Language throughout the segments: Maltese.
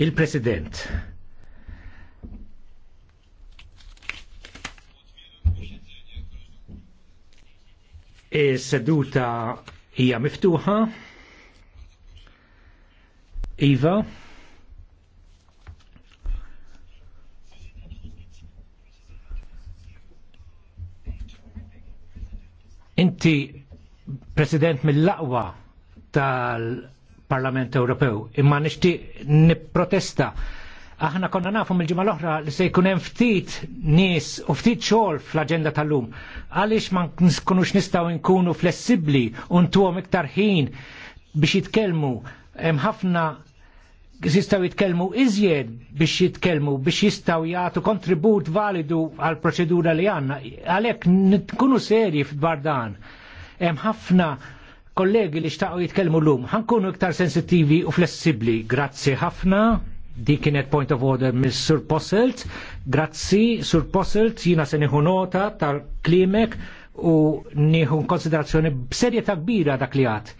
Il-President. Is-seduta hija miftuħa. Iva. Inti President mill-laqwa tal- Parlament Ewropew. Imma nixtieq nipprotesta. Aħna konna nafu mill-ġimgħa l-oħra li se jkun hemm ftit nies u ftit xogħol fl-aġenda tal-lum. Għaliex ma nkunux nistgħu nkunu flessibbli u ntuhom iktar ħin biex jitkellmu hemm ħafna jistgħu jitkellmu iżjed biex jitkellmu biex jistgħu jagħtu kontribut validu għal proċedura li għandna. Għalhekk nkunu serji f'dwar dan. Hemm ħafna kollegi li xtaqgħu jitkellmu llum. Ħankunu iktar sensittivi u flessibbli. Grazzi ħafna. Di kienet point of order miss Sur Posselt. Grazzi, Sur Posselt, jina se nieħu nota tal-klimek u nieħu konsiderazzjoni b'serjetà kbira dak li għad.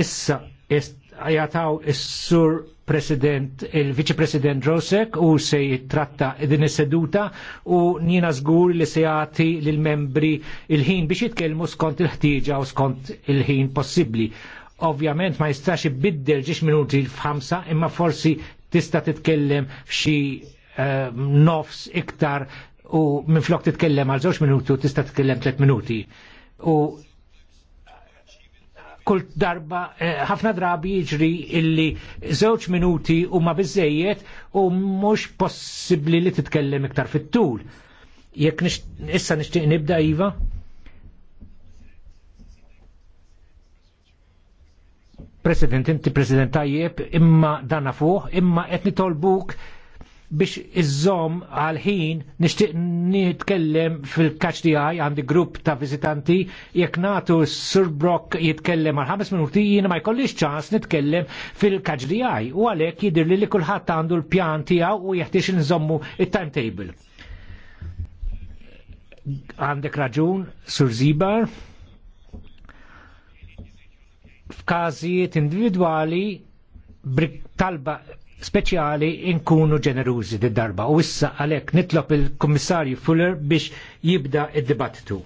Issa, jataw is-sur President, il-Vice President Rosek u se jitratta din is-seduta u njina żgur li se jati lill membri il-ħin biex jitkellmu skont il-ħtieġa u skont il-ħin possibbli. Ovvjament ma jistax ibiddel ġiex minuti f'ħamsa imma forsi tista' titkellem xi uh, ehm, nofs iktar u minflok titkellem għal żewġ minuti u tista' titkellem tliet minuti. U kull darba eh, ħafna drabi jiġri illi żewġ minuti huma biżejjed u mhux possibbli li titkellem iktar fit-tul. Jekk issa nixtieq nibda iva? President, inti president tajjeb, imma dana fuq, imma qed nitolbuk biex iżżomm għal ħin nixtieq nitkellem fil-kaċ tiegħi għandi grupp ta' viżitanti jekk nagħtu Sir Brock jitkellem għal ħames minuti jiena ma jkollix ċans nitkellem fil-kaċ u għalhekk jidhirli li kulħadd għandu l-pjan tiegħu u jeħtiex nżommu il timetable Għandek raġun, Sur Zibar, f'każijiet individwali talba speċjali inkunu ġenerużi d darba u issa għalhekk nitlob il-Kummissarju Fuller biex jibda id-dibattitu.